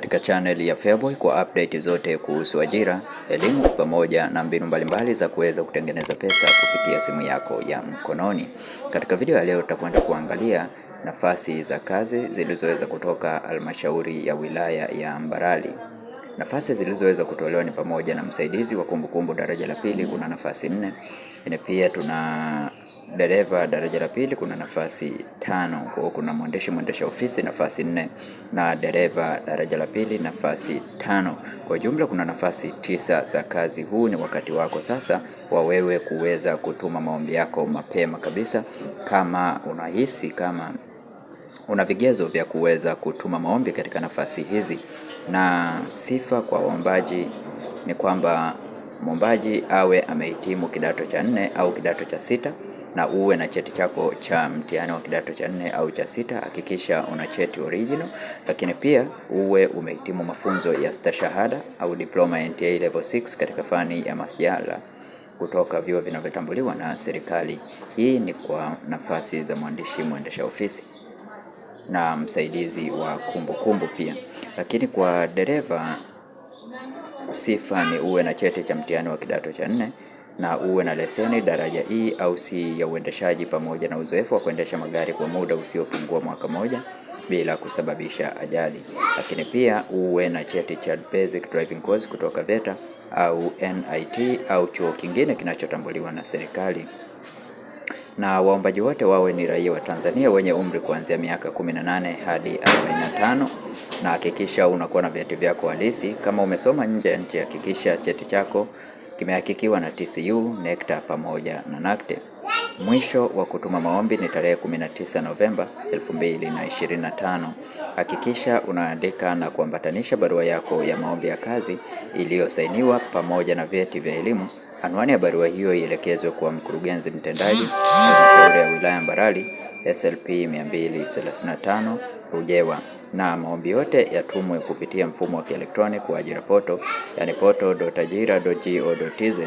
katika channel ya Feaboy kwa update zote kuhusu ajira, elimu pamoja na mbinu mbalimbali za kuweza kutengeneza pesa kupitia simu yako ya mkononi. Katika video ya leo tutakwenda kuangalia nafasi za kazi zilizoweza kutoka halmashauri ya wilaya ya Mbarali. Nafasi zilizoweza kutolewa ni pamoja na msaidizi wa kumbukumbu daraja la pili kuna nafasi nne, lakini pia tuna dereva daraja la pili kuna nafasi tano. Kwa kuna mwendeshi mwendesha ofisi nafasi nne na dereva daraja la pili nafasi tano. Kwa jumla kuna nafasi tisa za kazi. Huu ni wakati wako sasa wa wewe kuweza kutuma maombi yako mapema kabisa, kama unahisi kama una vigezo vya kuweza kutuma maombi katika nafasi hizi. Na sifa kwa waombaji ni kwamba mwombaji awe amehitimu kidato cha nne au kidato cha sita na uwe na cheti chako cha mtihani wa kidato cha nne au cha sita. Hakikisha una cheti original, lakini pia uwe umehitimu mafunzo ya stashahada au diploma ya NTA level 6 katika fani ya masjala kutoka vyuo vinavyotambuliwa na serikali. Hii ni kwa nafasi za mwandishi mwendesha ofisi na msaidizi wa kumbukumbu -kumbu pia. Lakini kwa dereva sifa ni uwe na cheti cha mtihani wa kidato cha nne na uwe na leseni daraja E au C ya uendeshaji pamoja na uzoefu wa kuendesha magari kwa muda usiopungua mwaka moja bila kusababisha ajali. Lakini pia uwe na cheti cha basic driving course kutoka VETA au NIT au chuo kingine kinachotambuliwa na serikali. Na waombaji wote wawe ni raia wa Tanzania wenye umri kuanzia miaka 18 hadi 45, na hakikisha unakuwa na vyeti vyako halisi. Kama umesoma nje ya nchi, hakikisha cheti chako Kimehakikiwa na TCU, NECTA pamoja na NACTE. Mwisho wa kutuma maombi ni tarehe 19 Novemba 2025. Hakikisha unaandika na kuambatanisha barua yako ya maombi ya kazi iliyosainiwa pamoja na vyeti vya elimu. Anwani ya barua hiyo ielekezwe kwa mkurugenzi mtendaji halmashauri ya wilaya Mbarali, SLP 235 Rujewa na maombi yote yatumwe kupitia mfumo wa kielektroniki wa ajira poto, yani poto.ajira.go.tz.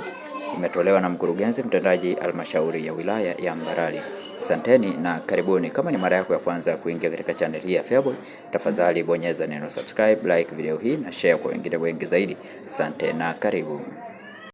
Imetolewa na mkurugenzi mtendaji almashauri ya wilaya ya Mbarali. Asanteni na karibuni. Kama ni mara yako ya kwanza kuingia katika channel hii ya Feaboy, tafadhali bonyeza neno subscribe, like video hii na share kwa wengine wengi zaidi. Asante na karibu.